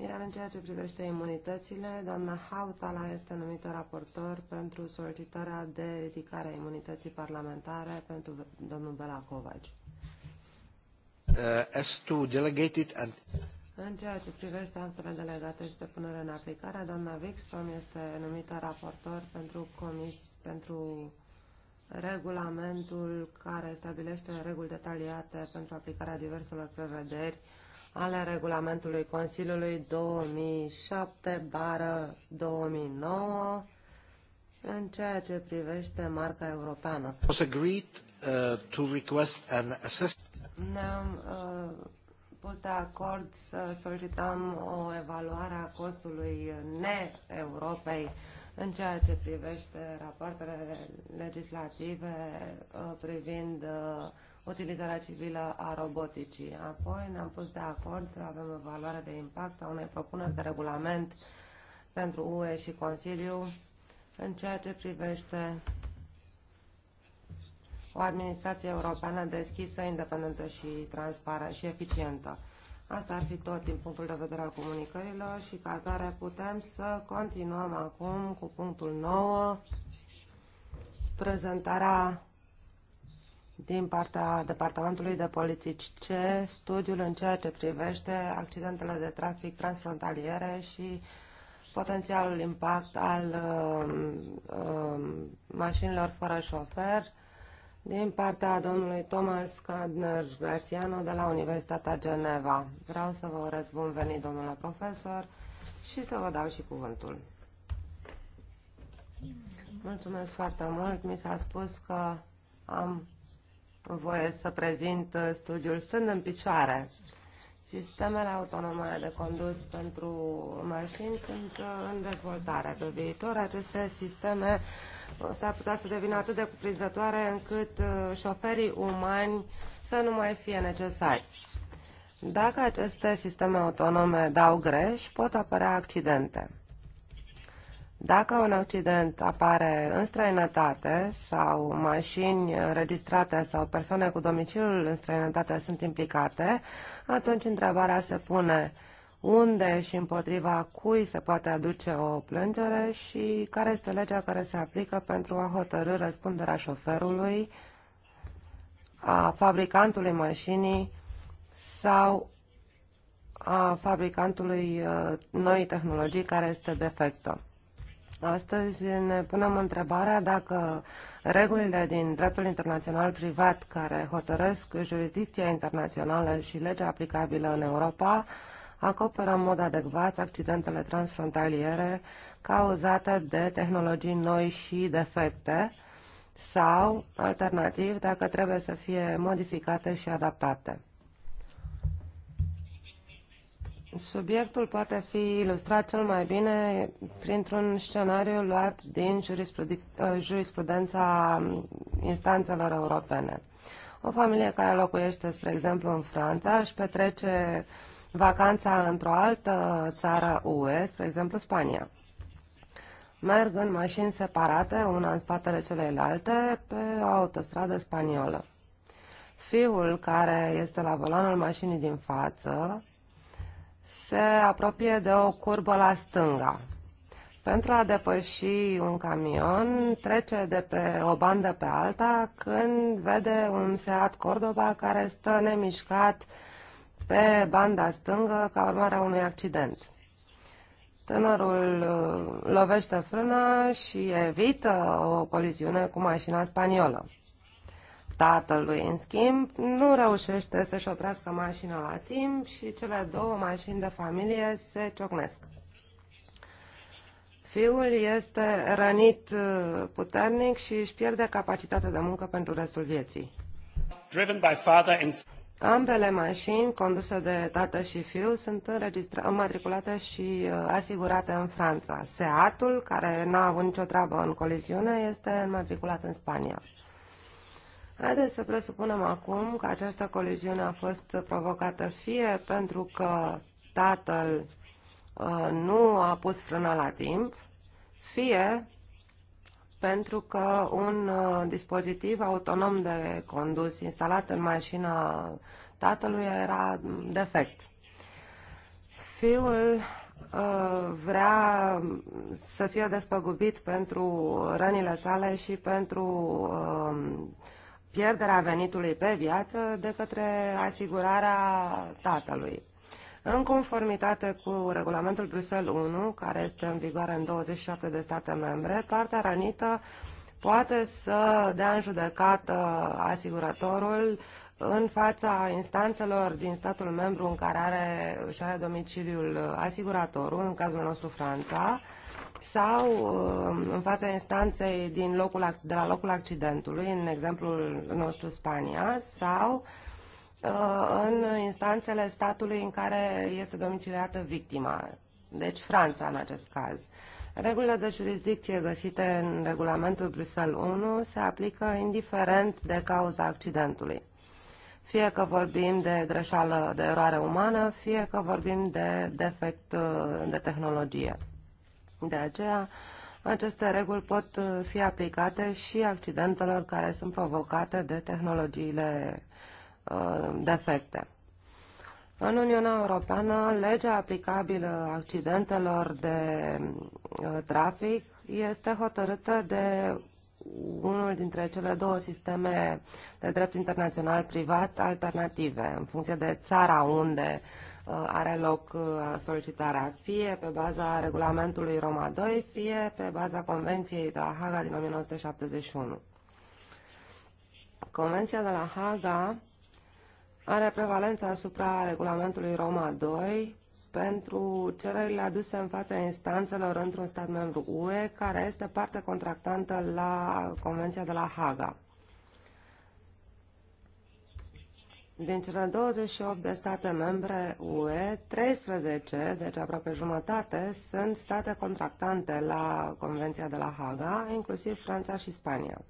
Iar în ceea ce privește imunitățile, doamna Hautala este numită raportor pentru solicitarea de ridicare a imunității parlamentare pentru domnul Bela Kovac. Uh, delegated and... În ceea ce privește actele delegate și de punere în aplicare, doamna Wikström este numită raportor pentru, comis, pentru regulamentul care stabilește reguli detaliate pentru aplicarea diverselor prevederi uh, ale regulamentului Consiliului 2007 bară 2009 în ceea ce privește marca europeană. Uh, Ne-am uh, pus de acord să solicităm o evaluare a costului ne-Europei uh, în ceea ce privește rapoartele legislative uh, privind uh, utilizarea civilă a roboticii. Apoi ne-am pus de acord să avem evaluare de impact a unei propuneri de regulament pentru UE și Consiliu în ceea ce privește o administrație europeană deschisă, independentă și transparentă și eficientă. Asta ar fi tot din punctul de vedere al comunicărilor și ca atare putem să continuăm acum cu punctul 9, prezentarea din partea Departamentului de Politici C, studiul în ceea ce privește accidentele de trafic transfrontaliere și potențialul impact al uh, uh, mașinilor fără șofer din partea domnului Thomas Cadner Grațiano de la Universitatea Geneva. Vreau să vă urez bun venit, domnule profesor, și să vă dau și cuvântul. Mulțumesc foarte mult. Mi s-a spus că am voie să prezint studiul Stând în picioare. Sistemele autonome de condus pentru mașini sunt în dezvoltare. Pe viitor, aceste sisteme s-ar putea să devină atât de cuprinzătoare încât uh, șoferii umani să nu mai fie necesari. Dacă aceste sisteme autonome dau greș, pot apărea accidente. Dacă un accident apare în străinătate sau mașini înregistrate sau persoane cu domiciliul în străinătate sunt implicate, atunci întrebarea se pune unde și împotriva cui se poate aduce o plângere și care este legea care se aplică pentru a hotărâ răspunderea șoferului, a fabricantului mașinii sau a fabricantului uh, noii tehnologii care este defectă. Astăzi ne punem întrebarea dacă regulile din dreptul internațional privat care hotărăsc jurisdicția internațională și legea aplicabilă în Europa acoperă în mod adecvat accidentele transfrontaliere cauzate de tehnologii noi și defecte sau, alternativ, dacă trebuie să fie modificate și adaptate. Subiectul poate fi ilustrat cel mai bine printr-un scenariu luat din uh, jurisprudența instanțelor europene. O familie care locuiește, spre exemplu, în Franța își petrece uh, vacanța într-o altă țară UE, spre exemplu Spania. Merg în mașini separate, una în spatele celeilalte, pe o autostradă spaniolă. Fiul care este la volanul mașinii din față se apropie de o curbă la stânga. Pentru a depăși un camion, trece de pe o bandă pe alta când vede un Seat Cordoba care stă nemișcat pe banda stângă ca urmare a unui accident. Tânărul uh, lovește frână și evită o coliziune cu mașina spaniolă. Tatălui, în schimb, nu reușește să-și oprească mașina la timp și cele două mașini de familie se ciocnesc. Fiul este rănit uh, puternic și își pierde capacitatea de muncă pentru restul vieții. Ambele mașini, conduse de tată și fiu, sunt înmatriculate și uh, asigurate în Franța. Seatul, care n-a avut nicio treabă în coliziune, este înmatriculat în Spania. Haideți să presupunem acum că această coliziune a fost provocată fie pentru că tatăl uh, nu a pus frâna la timp, fie pentru că un uh, dispozitiv autonom de condus instalat în mașina tatălui era defect. Fiul uh, vrea să fie despăgubit pentru rănile sale și pentru uh, pierderea venitului pe viață de către asigurarea tatălui în conformitate cu regulamentul Bruxelles 1, care este în vigoare în 27 de state membre, partea rănită poate să dea în judecată asigurătorul în fața instanțelor din statul membru în care are, și are domiciliul asiguratorul, în cazul nostru Franța, sau um, în fața instanței din locul, de la locul accidentului, în exemplul nostru Spania, sau uh, Uh, în instanțele statului în care este domiciliată victima, deci Franța în acest caz. Regulile de jurisdicție găsite în regulamentul Bruxelles 1 se aplică indiferent de cauza accidentului. Fie că vorbim de greșeală, de eroare umană, fie că vorbim de defect uh, de tehnologie. De aceea, aceste reguli pot uh, fi aplicate și accidentelor care sunt provocate de tehnologiile Uh, defecte. În Uniunea Europeană, legea aplicabilă accidentelor de uh, trafic este hotărâtă de unul dintre cele două sisteme de drept internațional privat alternative, în funcție de țara unde uh, are loc solicitarea, fie pe baza regulamentului Roma 2, fie pe baza Convenției de la Haga din 1971. Convenția de la Haga are prevalența asupra regulamentului Roma 2 pentru cererile aduse în fața instanțelor într-un stat membru UE care este parte contractantă la Convenția de la Haga. Din cele 28 de state membre UE, 13, deci aproape jumătate, sunt state contractante la Convenția de la Haga, inclusiv Franța și Spania.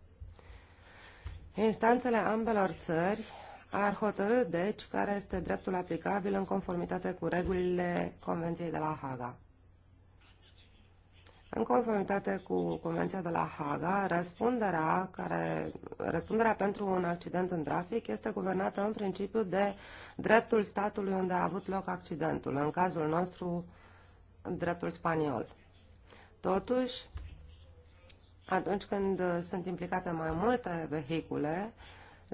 Instanțele ambelor țări ar hotărâ, deci, care este dreptul aplicabil în conformitate cu regulile Convenției de la Haga. În conformitate cu Convenția de la Haga, răspunderea, care, răspunderea pentru un accident în trafic este guvernată în principiu de dreptul statului unde a avut loc accidentul, în cazul nostru dreptul spaniol. Totuși, atunci când sunt implicate mai multe vehicule, uh,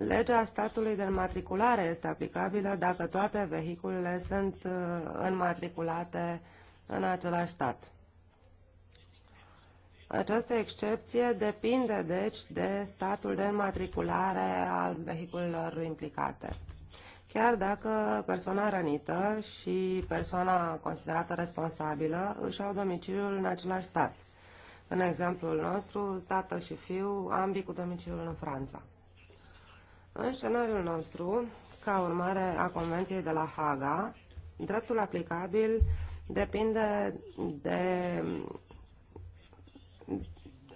Legea statului de înmatriculare este aplicabilă dacă toate vehiculele sunt uh, înmatriculate în același stat. Această excepție depinde, deci, de statul de înmatriculare al vehiculelor implicate. Chiar dacă persoana rănită și persoana considerată responsabilă își au domiciliul în același stat. În exemplul nostru, tată și fiu, ambii cu domiciliul în Franța. În scenariul nostru, ca urmare a Convenției de la Haga, dreptul aplicabil depinde de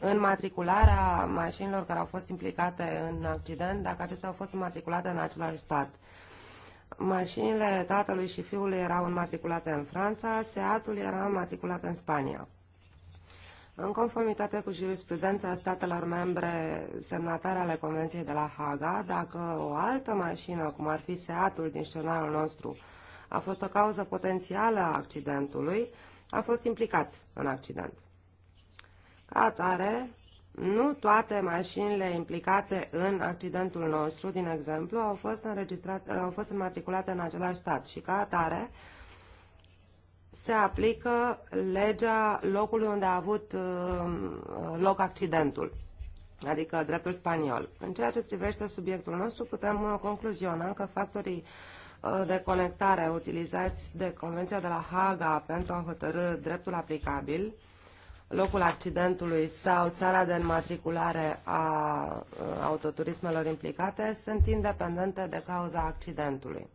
înmatricularea mașinilor care au fost implicate în accident, dacă acestea au fost înmatriculate în același stat. Mașinile tatălui și fiului erau înmatriculate în Franța, Seatul era înmatriculat în Spania. În conformitate cu jurisprudența statelor membre semnatare ale Convenției de la Haga, dacă o altă mașină, cum ar fi Seatul din scenariul nostru, a fost o cauză potențială a accidentului, a fost implicat în accident. Ca atare, nu toate mașinile implicate în accidentul nostru, din exemplu, au fost, înregistrate, au fost înmatriculate în același stat și ca atare, se aplică legea locului unde a avut uh, loc accidentul, adică dreptul spaniol. În ceea ce privește subiectul nostru, putem uh, concluziona că factorii uh, de conectare utilizați de Convenția de la Haga pentru a hotărâ dreptul aplicabil, locul accidentului sau țara de înmatriculare a autoturismelor implicate sunt independente de cauza accidentului.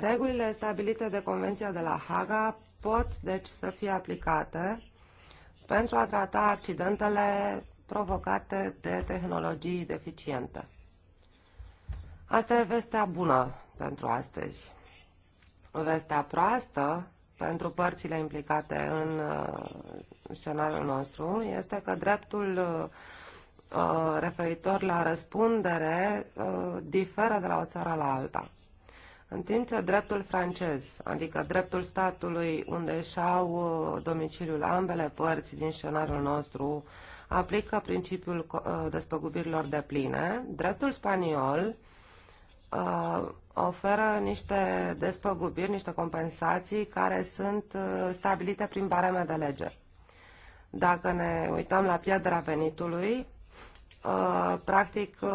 Regulile stabilite de Convenția de la Haga pot, deci, să fie aplicate pentru a trata accidentele provocate de tehnologii deficiente. Asta e vestea bună pentru astăzi. Vestea proastă pentru părțile implicate în uh, scenariul nostru este că dreptul uh, referitor la răspundere uh, diferă de la o țară la alta. În timp ce dreptul francez, adică dreptul statului unde și-au uh, domiciliul ambele părți din scenariul nostru, aplică principiul uh, despăgubirilor de pline, dreptul spaniol uh, oferă niște despăgubiri, niște compensații care sunt stabilite prin bareme de lege. Dacă ne uităm la pierderea venitului, Uh, practic, uh,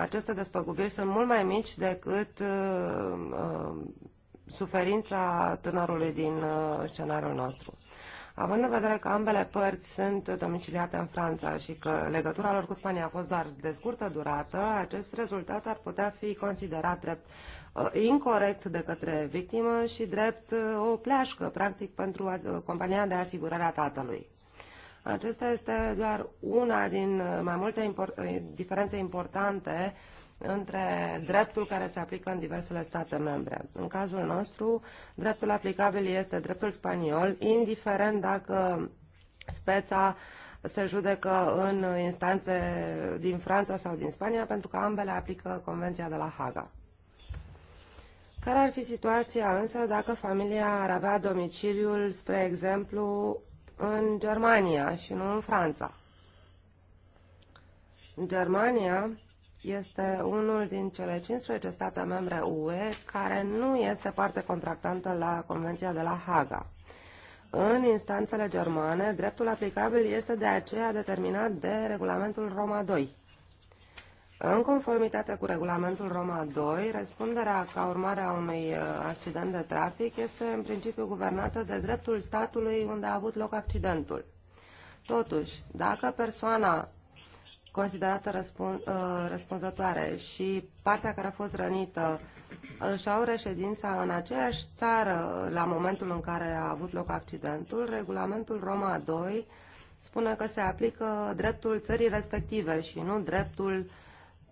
aceste despăgubiri sunt mult mai mici decât uh, suferința tânărului din scenariul nostru. Având în vedere că ambele părți sunt domiciliate în Franța și că legătura lor cu Spania a fost doar de scurtă durată, acest rezultat ar putea fi considerat drept incorrect de către victimă și drept o pleașcă, practic, pentru compania de asigurare a tatălui. Acesta este doar una din uh, mai multe import uh, diferențe importante între dreptul care se aplică în diversele state membre. În cazul nostru, dreptul aplicabil este dreptul spaniol, indiferent dacă speța se judecă în instanțe din Franța sau din Spania, pentru că ambele aplică Convenția de la Haga. Care ar fi situația însă dacă familia ar avea domiciliul, spre exemplu, în Germania și nu în Franța. Germania este unul din cele 15 state membre UE care nu este parte contractantă la Convenția de la Haga. În instanțele germane, dreptul aplicabil este de aceea determinat de regulamentul Roma 2. În conformitate cu regulamentul Roma 2, răspunderea ca urmare a unui uh, accident de trafic este în principiu guvernată de dreptul statului unde a avut loc accidentul. Totuși, dacă persoana considerată uh, răspunzătoare și partea care a fost rănită își au reședința în aceeași țară la momentul în care a avut loc accidentul, regulamentul Roma 2 spune că se aplică dreptul țării respective și nu dreptul uh,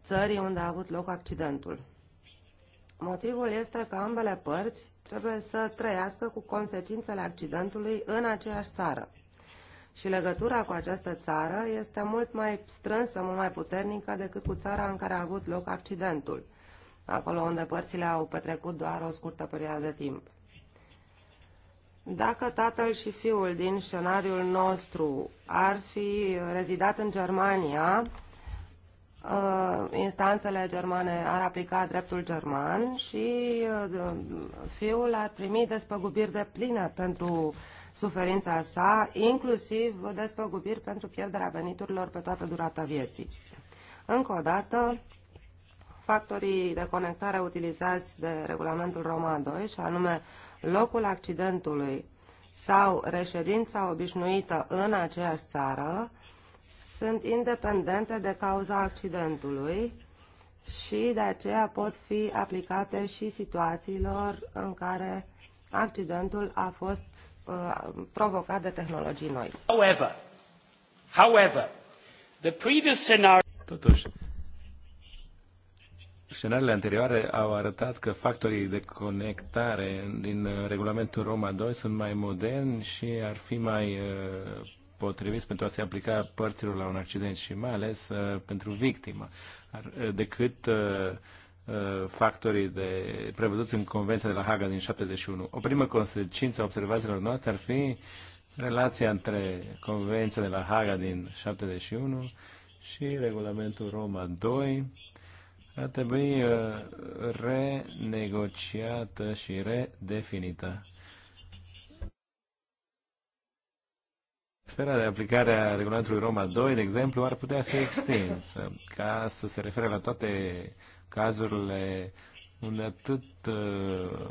țării unde a avut loc accidentul. Motivul este că ambele părți trebuie să trăiască cu consecințele accidentului în aceeași țară. Și legătura cu această țară este mult mai strânsă, mult mai puternică decât cu țara în care a avut loc accidentul, acolo unde părțile au petrecut doar o scurtă perioadă de timp. Dacă tatăl și fiul din scenariul nostru ar fi rezidat în Germania, Uh, instanțele germane ar aplica dreptul german și uh, fiul ar primi despăgubiri de plină pentru suferința sa, inclusiv despăgubiri pentru pierderea veniturilor pe toată durata vieții. Încă o dată, factorii de conectare utilizați de regulamentul Roma 2, și anume locul accidentului sau reședința obișnuită în aceeași țară, sunt independente de cauza accidentului și de aceea pot fi aplicate și situațiilor în care accidentul a fost uh, provocat de tehnologii noi. However, however, the previous scenario... Totuși, scenariile anterioare au arătat că factorii de conectare din uh, regulamentul Roma 2 sunt mai moderni și ar fi mai uh, potriviți pentru a se aplica părților la un accident și mai ales uh, pentru victimă, uh, decât uh, factorii de, prevăzuți în Convenția de la Haga din 71. O primă consecință a observațiilor noastre ar fi relația între Convenția de la Haga din 71 și Regulamentul Roma 2 a trebui renegociată și redefinită. Sfera de aplicare a regulamentului Roma 2, de exemplu, ar putea fi extinsă ca să se refere la toate cazurile unde atât uh, uh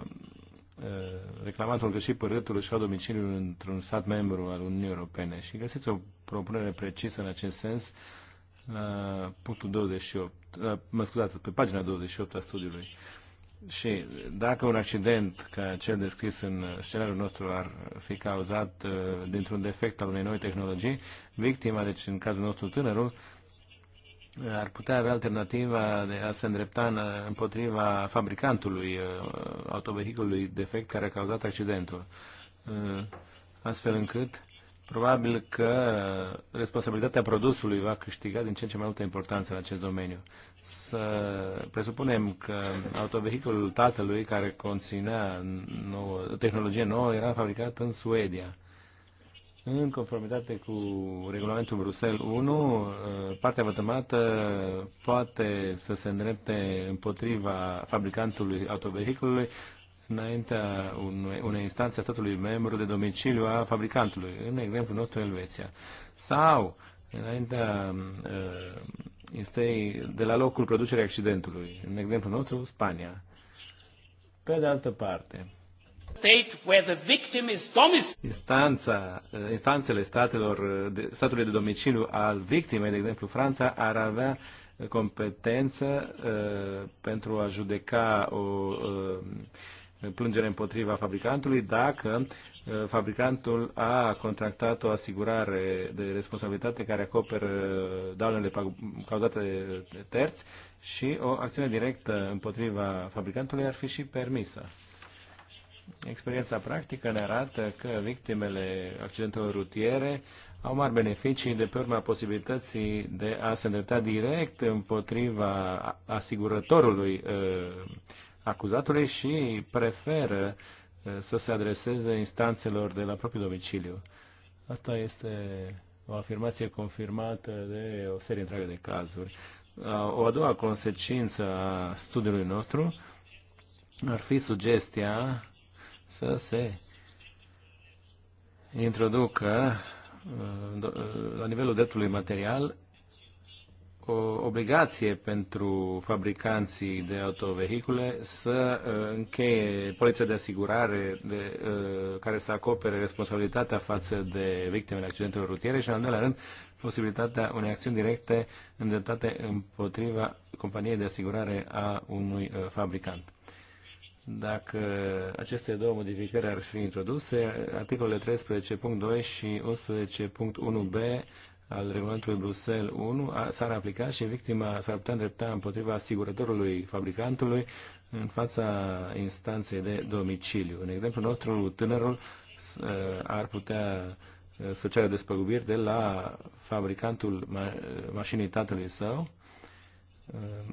reclamatul că și părâtul și au domiciliul într-un stat membru al Uniunii Europene și găsiți o propunere precisă în acest sens la punctul 28, uh, mă scuzați, pe pagina 28 a studiului. Uh, și dacă un accident ca cel descris în scenariul nostru ar fi cauzat uh, dintr-un defect al unei noi tehnologii, victima, deci în cazul nostru tânărul, uh, ar putea avea alternativa de a se îndrepta în, uh, împotriva fabricantului autovehiculului defect care a cauzat accidentul, astfel încât Probabil că responsabilitatea produsului va câștiga din ce în ce mai multă importanță în acest domeniu. Să presupunem că autovehiculul tatălui care conținea nouă, tehnologie nouă era fabricat în Suedia. În conformitate cu regulamentul Bruxelles 1, eh, partea vătămată poate să se îndrepte împotriva fabricantului autovehiculului înaintea unei, unei instanțe a statului membru de domiciliu a fabricantului, în exemplu nostru Elveția, sau înaintea uh, de la locul producerii accidentului, în exemplu nostru Spania. Pe de altă parte, Instanța, uh, instanțele statelor, uh, statului de domiciliu al victimei, de exemplu Franța, ar avea uh, competență uh, pentru a judeca o uh, plângere împotriva fabricantului dacă uh, fabricantul a contractat o asigurare de responsabilitate care acoperă daunele cauzate de terți și o acțiune directă împotriva fabricantului ar fi și permisă. Experiența practică ne arată că victimele accidentelor rutiere au mari beneficii de pe urma posibilității de a se îndrepta direct împotriva asigurătorului uh, acuzatului și preferă eh, să se adreseze instanțelor de la propriul domiciliu. Asta este o afirmație confirmată de o serie întreagă de cazuri. Eh, o a doua consecință a studiului nostru ar fi sugestia să se introducă eh, la nivelul dreptului material o obligație pentru fabricanții de autovehicule să uh, încheie poliția de asigurare de, uh, care să acopere responsabilitatea față de victimele accidentelor rutiere și, în al doilea rând, posibilitatea unei acțiuni directe îndreptate împotriva companiei de asigurare a unui uh, fabricant. Dacă aceste două modificări ar fi introduse, articolele 13.2 și 11.1b al regulamentului Bruxelles 1 s-ar aplica și victima s-ar putea îndrepta împotriva asigurătorului fabricantului în fața instanței de domiciliu. În exemplu nostru, tânărul ar putea să ceară despăgubiri de la fabricantul ma- mașinii tatălui său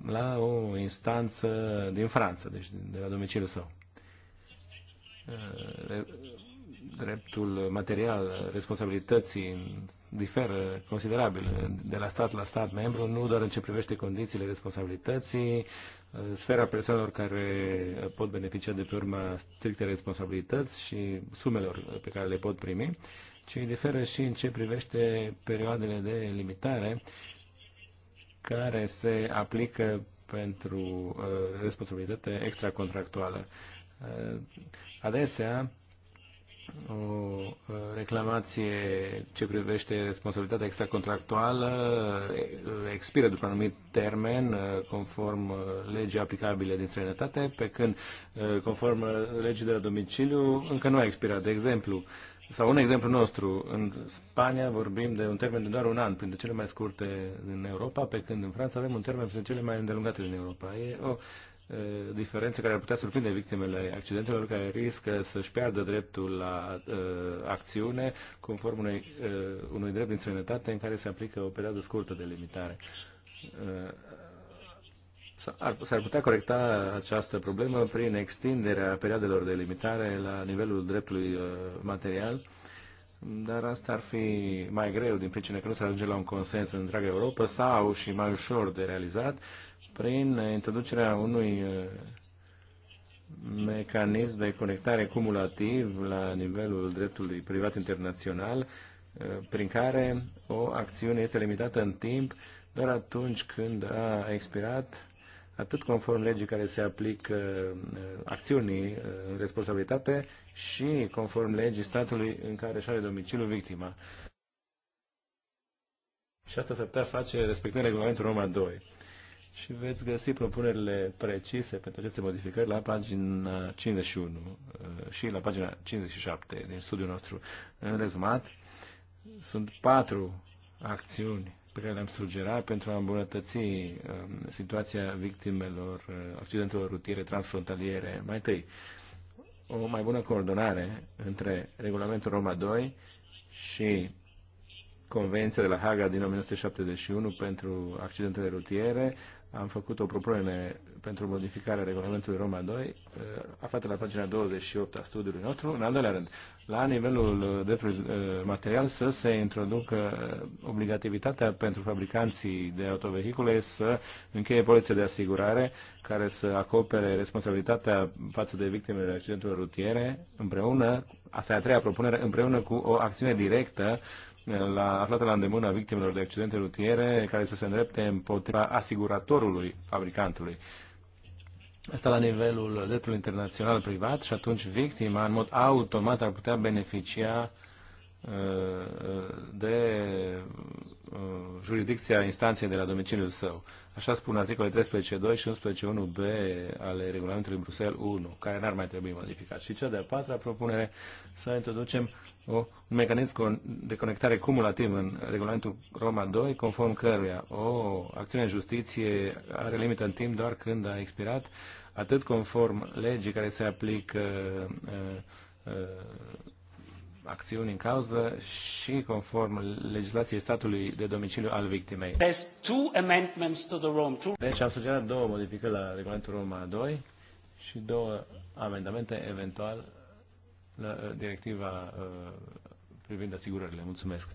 la o instanță din Franța, deci de la domiciliul său dreptul material, responsabilității diferă considerabil de la stat la stat membru, nu doar în ce privește condițiile responsabilității, sfera persoanelor care pot beneficia de pe urma stricte responsabilități și sumelor pe care le pot primi, ci diferă și în ce privește perioadele de limitare care se aplică pentru uh, responsabilitate extracontractuală. Uh, adesea, o uh, reclamație ce privește responsabilitatea extracontractuală uh, expiră după anumit termen uh, conform legii aplicabile din străinătate, pe când conform legii de la domiciliu încă nu a expirat. De exemplu, sau un exemplu nostru, în Spania vorbim de un termen de doar un an, printre cele mai scurte din Europa, pe când în Franța avem un termen printre cele mai îndelungate din Europa. E o Uh, diferențe care ar putea surprinde victimele accidentelor care riscă să-și piardă dreptul la uh, acțiune conform unei, uh, unui drept din străinătate în care se aplică o perioadă scurtă de limitare. Uh, S-ar putea corecta această problemă prin extinderea perioadelor de limitare la nivelul dreptului uh, material, dar asta ar fi mai greu din pricina că nu s-ar ajunge la un consens în întreaga Europa sau și mai ușor de realizat prin introducerea unui uh, mecanism de conectare cumulativ la nivelul dreptului privat internațional, uh, prin care o acțiune este limitată în timp doar atunci când a expirat, atât conform legii care se aplică uh, acțiunii în responsabilitate și conform legii statului în care își are domiciliu victima. Și asta se putea face respectând regulamentul Roma 2 și veți găsi propunerile precise pentru aceste modificări la pagina 51 uh, și la pagina 57 din studiul nostru. În rezumat, sunt patru acțiuni pe care le-am sugerat pentru a îmbunătăți um, situația victimelor uh, accidentelor rutiere transfrontaliere. Mai întâi, o mai bună coordonare între regulamentul Roma 2 și Convenția de la Haga din 1971 pentru accidentele rutiere, am făcut o propunere pentru modificarea regulamentului Roma 2, eh, aflată la pagina 28 a studiului nostru. În al doilea rând, la nivelul uh, de uh, material să se introducă uh, obligativitatea pentru fabricanții de autovehicule să încheie polițe de asigurare care să acopere responsabilitatea față de victimele accidentelor rutiere împreună, asta e a treia propunere, împreună cu o acțiune directă la, aflată la îndemână victimelor de accidente rutiere care să se îndrepte împotriva asiguratorului fabricantului. Asta la nivelul dreptului internațional privat și atunci victima în mod automat ar putea beneficia uh, de uh, jurisdicția instanței de la domiciliul său. Așa spun articolele 13.2 și 11.1b ale regulamentului Bruxelles 1, care n-ar mai trebui modificat. Și cea de-a patra propunere să introducem o, un mecanism de conectare cumulativ în regulamentul Roma 2, conform căruia o acțiune în justiție are limită în timp doar când a expirat, atât conform legii care se aplică uh, uh, acțiuni în cauză și conform legislației statului de domiciliu al victimei. Deci am sugerat două modificări la regulamentul Roma 2 și două amendamente eventual la uh, directiva uh, privind asigurările. Mulțumesc!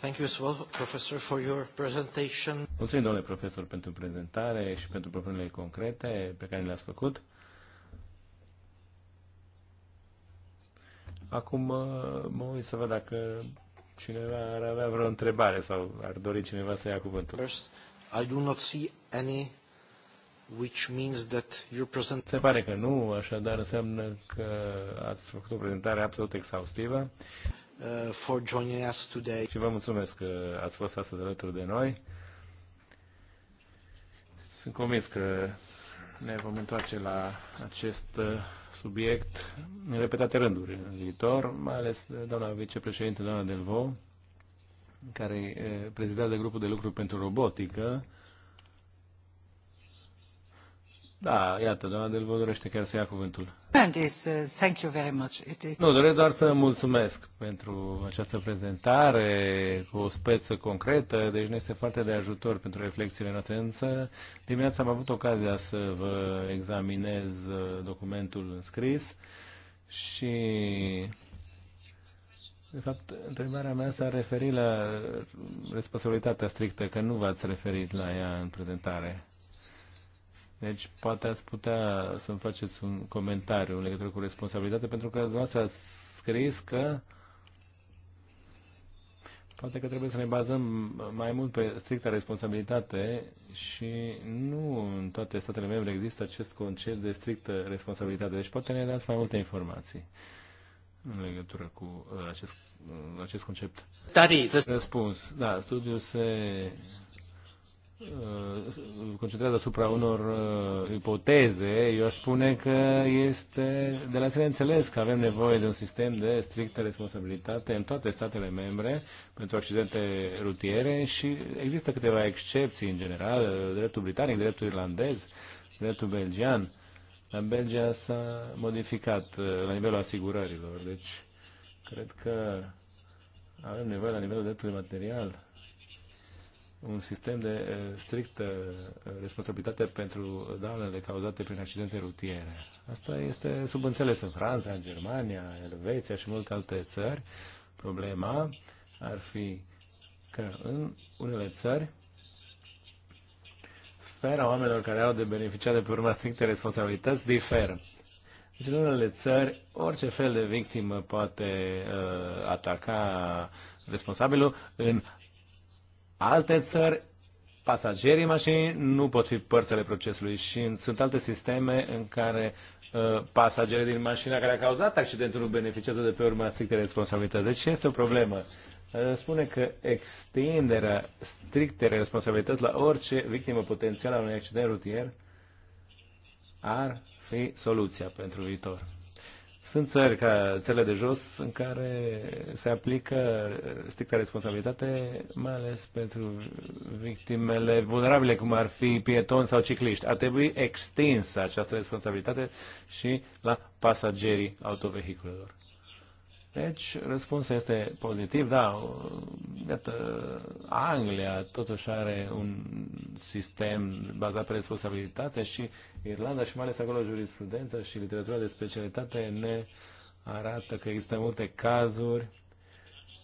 Thank you as well, Professor, for your presentation. Mulțumim, domnule profesor, pentru prezentare și pentru propunerile concrete pe care le-ați făcut. Acum uh, mă uit să văd dacă cineva ar avea vreo întrebare sau ar dori cineva să ia cuvântul. First, I do not see any which means that you present... Se pare că nu, așadar înseamnă că ați făcut o prezentare absolut exhaustivă. Uh, for joining us today. Și vă mulțumesc că ați fost astăzi alături de noi. Sunt convins că ne vom întoarce la acest uh, subiect în repetate rânduri în viitor, mai ales doamna vicepreședinte, doamna Delvo, care uh, prezidează grupul de lucru pentru robotică, da, iată, doamna Delvo dorește chiar să ia cuvântul. Is, uh, thank you very much. It, Nu, doresc doar să mulțumesc pentru această prezentare cu o speță concretă, deci ne este foarte de ajutor pentru reflexiile noastre. Însă, dimineața am avut ocazia să vă examinez uh, documentul scris și de fapt, întrebarea mea s-a referit la responsabilitatea strictă, că nu v-ați referit la ea în prezentare. Deci poate ați putea să-mi faceți un comentariu în legătură cu responsabilitate pentru că dumneavoastră ați scris că poate că trebuie să ne bazăm mai mult pe stricta responsabilitate și nu în toate statele membre există acest concept de strictă responsabilitate. Deci poate ne dați mai multe informații în legătură cu uh, acest, uh, acest concept. Studies. Răspuns. Da, studiul se Uh, concentrează asupra unor uh, ipoteze, eu aș spune că este de la sine înțeles că avem nevoie de un sistem de strictă responsabilitate în toate statele membre pentru accidente rutiere și există câteva excepții în general, dreptul britanic, dreptul irlandez, dreptul belgian. La Belgia s-a modificat uh, la nivelul asigurărilor, deci cred că avem nevoie la nivelul dreptului material un sistem de eh, strictă eh, responsabilitate pentru daunele cauzate prin accidente rutiere. Asta este subînțeles în Franța, în Germania, Elveția și multe alte țări. Problema ar fi că în unele țări sfera oamenilor care au de beneficiat de pe urma stricte responsabilități diferă. Deci în unele țări orice fel de victimă poate uh, ataca responsabilul, în alte țări, pasagerii mașinii nu pot fi părțile procesului și sunt alte sisteme în care uh, pasagerii din mașina care a cauzat accidentul nu beneficiază de pe urma strictă responsabilitate. Deci este o problemă. Uh, spune că extinderea strictei responsabilități la orice victimă potențială a unui accident rutier ar fi soluția pentru viitor. Sunt țări ca țările de jos în care se aplică strictă responsabilitate, mai ales pentru victimele vulnerabile, cum ar fi pietoni sau cicliști. Ar trebui extinsă această responsabilitate și la pasagerii autovehiculelor. Deci, răspunsul este pozitiv, da, iată, Anglia totuși are un sistem bazat pe responsabilitate și Irlanda și mai ales acolo jurisprudența și literatura de specialitate ne arată că există multe cazuri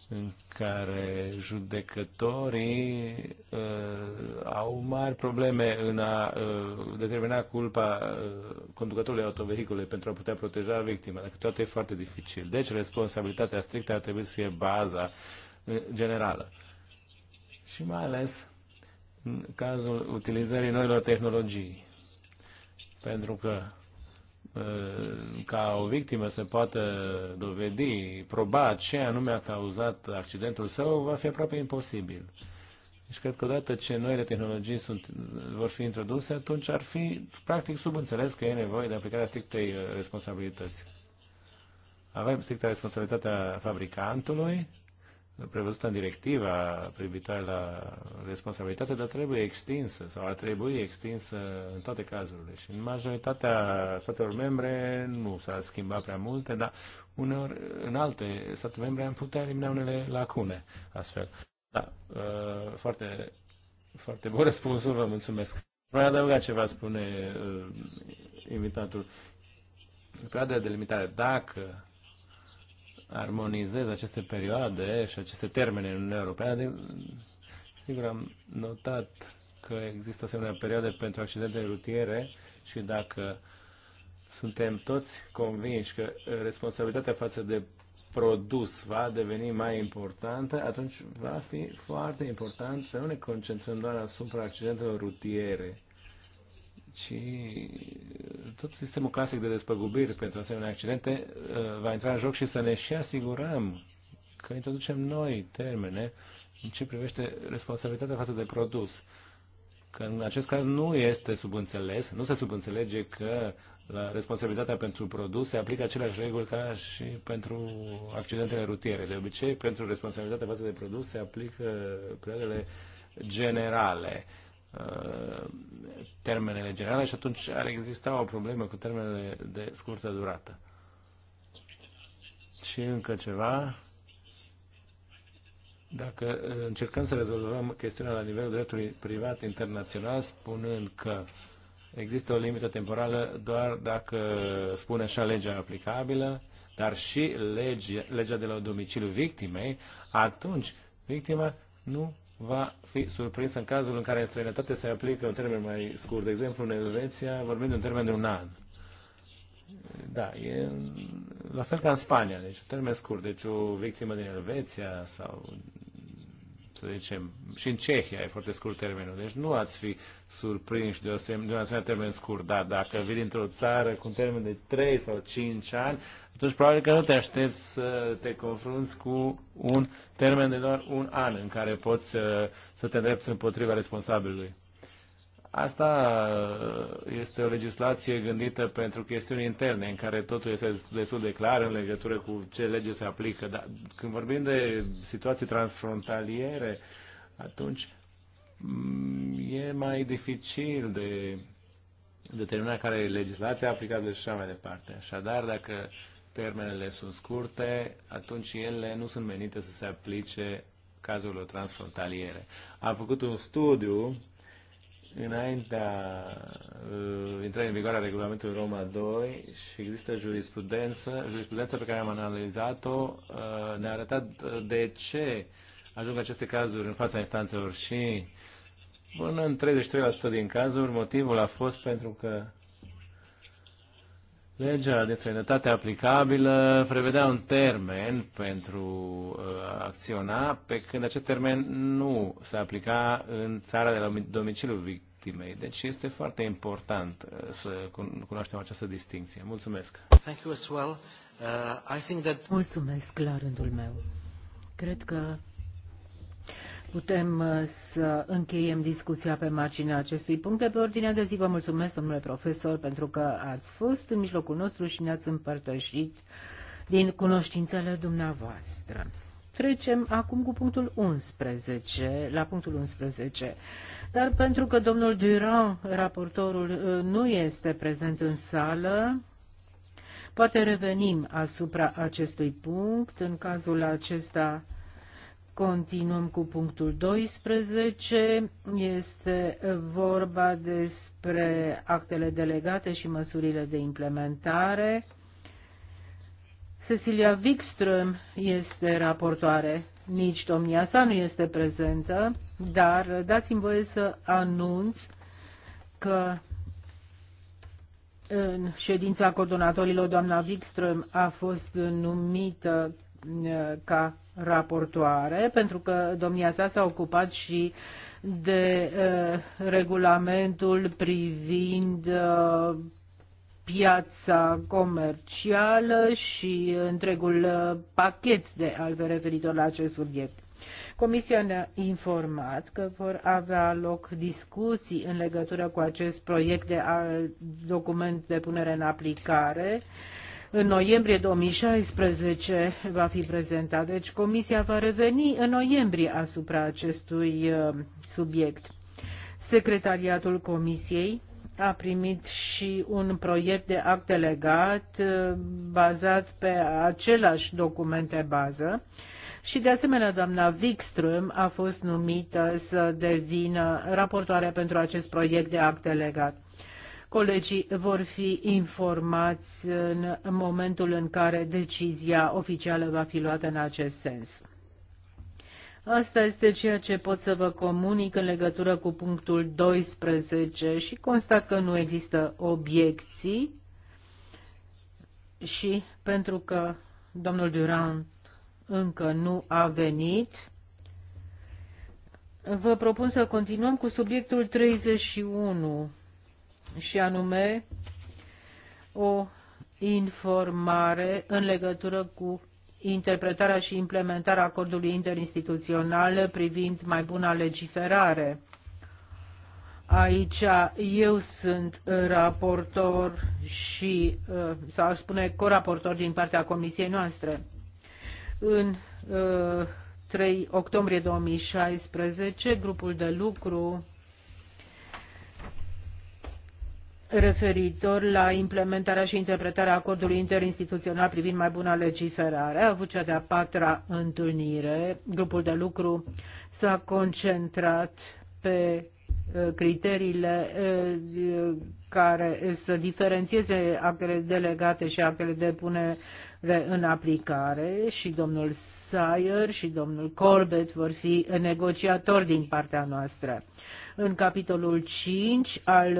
în care judecătorii uh, au mari probleme în a uh, determina culpa uh, conducătorului autovehicului pentru a putea proteja victima. Dacă toate e foarte dificil. Deci responsabilitatea strictă ar trebui să fie baza uh, generală. Și mai ales în cazul utilizării noilor tehnologii. Pentru că ca o victimă să poată dovedi, proba ce anume a cauzat accidentul său, va fi aproape imposibil. Deci cred că odată ce noile tehnologii sunt, vor fi introduse, atunci ar fi practic subînțeles că e nevoie de aplicarea strictei uh, responsabilități. Avem stricta responsabilitatea fabricantului, prevăzută în directiva privitoare la responsabilitate, dar trebuie extinsă sau ar trebui extinsă în toate cazurile. Și în majoritatea statelor membre nu s-a schimbat prea multe, dar uneori în alte state membre am putea elimina unele lacune astfel. Da, uh, foarte, foarte bun răspunsul, vă mulțumesc. Vreau adăuga ceva, spune uh, invitatul. Perioada de limitare, dacă armonizez aceste perioade și aceste termene în Uniunea Europeană. Sigur, am notat că există asemenea perioade pentru accidente rutiere și dacă suntem toți convinși că responsabilitatea față de produs va deveni mai importantă, atunci va fi foarte important să nu ne concentrăm doar asupra accidentelor rutiere, ci uh, tot sistemul clasic de despăgubiri pentru asemenea accidente uh, va intra în joc și să ne și asigurăm că introducem noi termene în ce privește responsabilitatea față de produs. Că în acest caz nu este subînțeles, nu se subînțelege că la responsabilitatea pentru produs se aplică aceleași reguli ca și pentru accidentele rutiere. De obicei, pentru responsabilitatea față de produs se aplică prelele generale Uh, termenele generale și atunci ar exista o problemă cu termenele de scurtă durată. Și încă ceva, dacă uh, încercăm să rezolvăm chestiunea la nivelul dreptului privat internațional, spunând că există o limită temporală doar dacă spune așa legea aplicabilă, dar și lege, legea de la domiciliul victimei, atunci victima nu va fi surprins în cazul în care în străinătate se aplică un termen mai scurt. De exemplu, în Elveția vorbim de un termen de un an. Da, e la fel ca în Spania, deci un termen scurt. Deci o victimă din Elveția sau să zicem, și în Cehia e foarte scurt termenul, deci nu ați fi surprinși de, o sem- de un asemenea termen scurt, dar dacă vii dintr-o țară cu un termen de 3 sau 5 ani, atunci probabil că nu te aștepți să te confrunți cu un termen de doar un an în care poți să, uh, să te îndrepți împotriva responsabilului. Asta uh, este o legislație gândită pentru chestiuni interne, în care totul este destul de clar în legătură cu ce lege se aplică. Dar când vorbim de situații transfrontaliere, atunci mm, e mai dificil de determina care e legislația aplicabilă și așa mai departe. Așadar, dacă termenele sunt scurte, atunci ele nu sunt menite să se aplice cazurilor transfrontaliere. Am făcut un studiu înaintea uh, intrării în vigoare a regulamentului Roma 2 și există jurisprudență, jurisprudența pe care am analizat-o uh, ne-a arătat uh, de ce ajung aceste cazuri în fața instanțelor și până în 33% din cazuri motivul a fost pentru că Legea de străinătate aplicabilă prevedea un termen pentru uh, a acționa, pe când acest termen nu se aplica în țara de la domiciliul victimei. Deci este foarte important uh, să cunoaștem această distinție. Mulțumesc! Uh, mulțumesc la rândul meu. Cred că Putem uh, să încheiem discuția pe marginea acestui punct de pe ordinea de zi. Vă mulțumesc, domnule profesor, pentru că ați fost în mijlocul nostru și ne-ați împărtășit din cunoștințele dumneavoastră. Trecem acum cu punctul 11, la punctul 11. Dar pentru că domnul Durand, raportorul, uh, nu este prezent în sală, poate revenim asupra acestui punct. În cazul acesta continuăm cu punctul 12. Este vorba despre actele delegate și măsurile de implementare. Cecilia Wikström este raportoare nici domnia sa nu este prezentă, dar dați-mi voie să anunț că în ședința coordonatorilor doamna Wikström a fost numită ca raportoare, pentru că domnia sa s-a ocupat și de uh, regulamentul privind uh, piața comercială și întregul uh, pachet de alve referitor la acest subiect. Comisia ne-a informat că vor avea loc discuții în legătură cu acest proiect de document de punere în aplicare. În noiembrie 2016 va fi prezentat, deci Comisia va reveni în noiembrie asupra acestui uh, subiect. Secretariatul Comisiei a primit și un proiect de act delegat uh, bazat pe același documente bază. Și de asemenea, doamna Wikström a fost numită să devină raportoare pentru acest proiect de act delegat. Colegii vor fi informați în momentul în care decizia oficială va fi luată în acest sens. Asta este ceea ce pot să vă comunic în legătură cu punctul 12 și constat că nu există obiecții și pentru că domnul Durand încă nu a venit, vă propun să continuăm cu subiectul 31 și anume o informare în legătură cu interpretarea și implementarea acordului interinstituțional privind mai buna legiferare. Aici eu sunt raportor și, uh, sau aș spune, coraportor din partea comisiei noastre. În 3 uh, octombrie 2016, grupul de lucru referitor la implementarea și interpretarea acordului interinstituțional privind mai bună legiferare. A avut cea de-a patra întâlnire. Grupul de lucru s-a concentrat pe uh, criteriile uh, care să diferențieze actele delegate și actele de pune în aplicare și domnul Sayer și domnul Corbett vor fi negociatori din partea noastră. În capitolul 5 al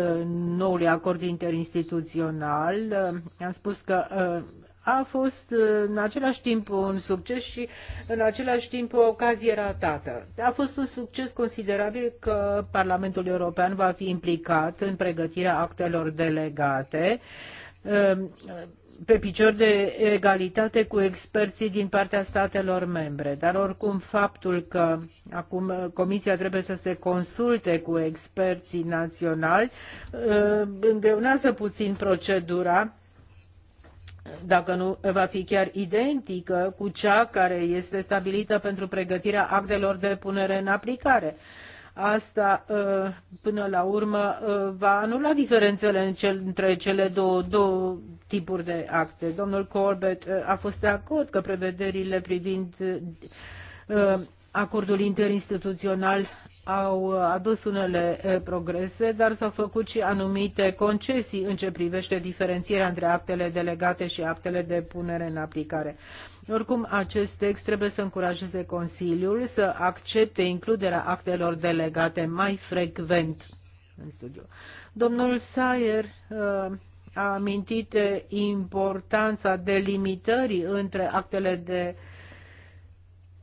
noului acord interinstituțional am spus că uh, a fost uh, în același timp un succes și în același timp o ocazie ratată. A fost un succes considerabil că Parlamentul European va fi implicat în pregătirea actelor delegate uh, pe picior de egalitate cu experții din partea statelor membre. Dar oricum faptul că acum Comisia trebuie să se consulte cu experții naționali uh, îngreunează puțin procedura dacă nu va fi chiar identică cu cea care este stabilită pentru pregătirea actelor de punere în aplicare. Uh, Asta, uh, până la urmă, uh, va anula diferențele în cel, între cele două, două tipuri de acte. Domnul Corbett uh, a fost de acord că prevederile privind acordul interinstituțional au adus unele eh, progrese, dar s-au făcut și anumite concesii în ce privește diferențierea între actele delegate și actele de punere în aplicare. Oricum, acest text trebuie să încurajeze Consiliul să accepte includerea actelor delegate mai frecvent în studiu. Domnul Sayer eh, a amintit importanța delimitării între actele de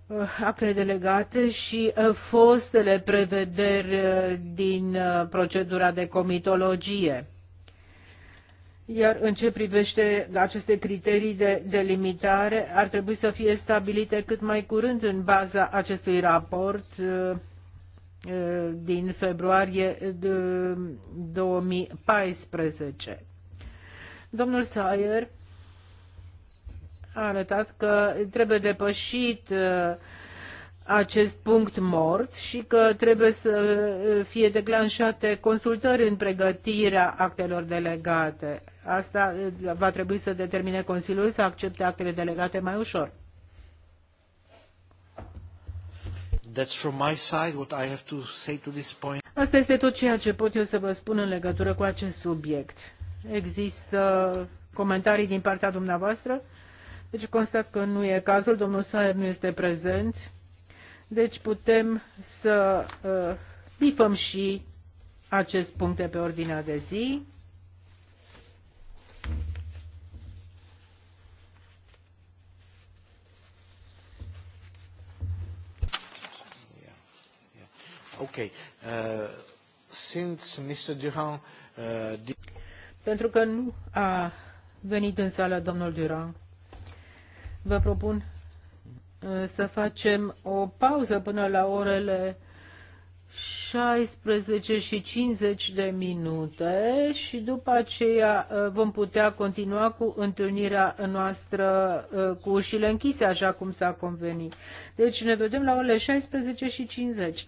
Uh, actele delegate și uh, fostele prevederi uh, din procedura de comitologie. Iar în ce privește aceste criterii de delimitare, ar trebui să fie stabilite cât mai curând în baza acestui raport din februarie 2014. Domnul Sayer a arătat că trebuie depășit uh, acest punct mort și că trebuie să uh, fie declanșate consultări în pregătirea actelor delegate. Asta uh, va trebui să determine Consiliul să accepte actele delegate mai ușor. Asta este tot ceea ce pot eu să vă spun în legătură cu acest subiect. Există comentarii din partea dumneavoastră? Deci constat că nu e cazul, domnul Saer nu este prezent. Deci putem să uh, bifăm și acest punct de pe ordinea de zi. Okay. Uh, since Mr. Durand, uh, Pentru că nu a venit în sală domnul Durand, Vă propun uh, să facem o pauză până la orele 16 și 50 de minute și după aceea uh, vom putea continua cu întâlnirea noastră uh, cu ușile închise, așa cum s-a convenit. Deci ne vedem la orele 16 și 50.